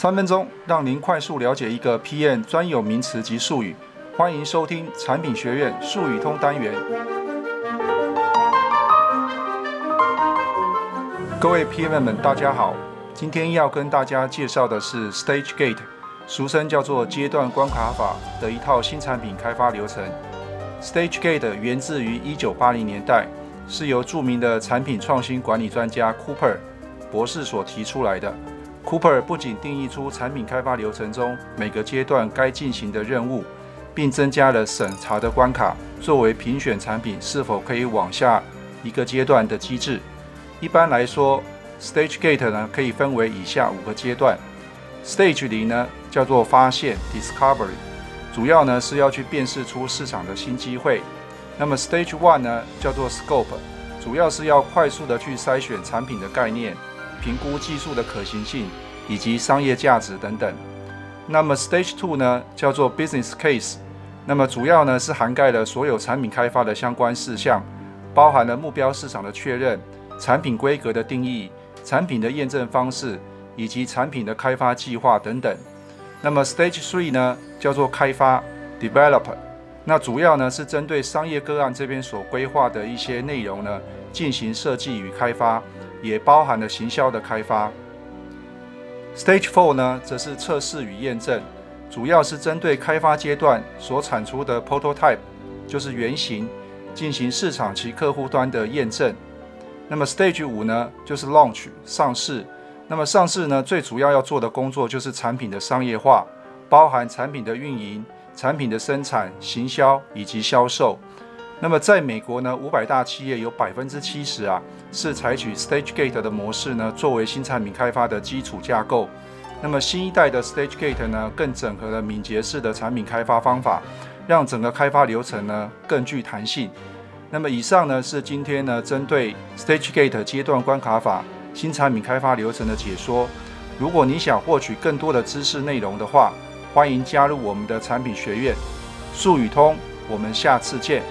三分鐘讓您快速了解一個 PM 專有名詞及術語，歡迎收聽產品學院術語通單元。各位 PM 朋友們，大家好，今天要跟大家介紹的是 Stage-Gate，俗稱叫做階段關卡法的一套新產品開發流程。Stage-Gate 源自於1980年代，是由著名的產品創新管理專家 Cooper 博士所提出來的。Cooper 不僅定義出產品開發流程中每個階段該進行的任務，並增加了審查的關卡，作為評選產品是否可以往下一個階段的機制。一般來說，Stage Gate 呢可以分為以下五個階段：Stage 零呢叫做發現 （Discovery），主要呢是要去辨識出市場的新機會；那麼 Stage One 呢叫做 Scope，主要是要快速的去篩選產品的概念。評估技術的可行性以及商業價值等等。那麼 Stage Two 呢，叫做 Business Case，那麼主要呢是涵蓋了所有產品開發的相關事項，包含了目標市場的確認、產品規格的定義、產品的驗證方式以及產品的開發計劃等等。那麼 Stage Three 呢，叫做開發 Develop，那主要呢是針對商業個案這邊所規劃的一些內容呢進行設計與開發。也包含了行銷的開發。Stage 4呢，則是測試與驗證，主要是針對開發階段所產出的 prototype，就是原型，進行市場及客戶端的驗證。那麼 Stage 5呢，就是 launch 上市。那麼上市呢，最主要要做的工作就是產品的商業化，包含產品的運營、產品的生產、行銷以及銷售。那麼在美國呢，五百大企業有百分之七十啊是採取 Stage Gate 的模式呢，作為新產品開發的基礎架構。那麼新一代的 Stage Gate 呢，更整合了敏捷式的產品開發方法，讓整個開發流程呢更具彈性。那麼以上呢是今天呢針對 Stage Gate 階段關卡法新產品開發流程的解說。如果你想獲取更多的知識內容的話，歡迎加入我們的產品學院術語通。我們下次見。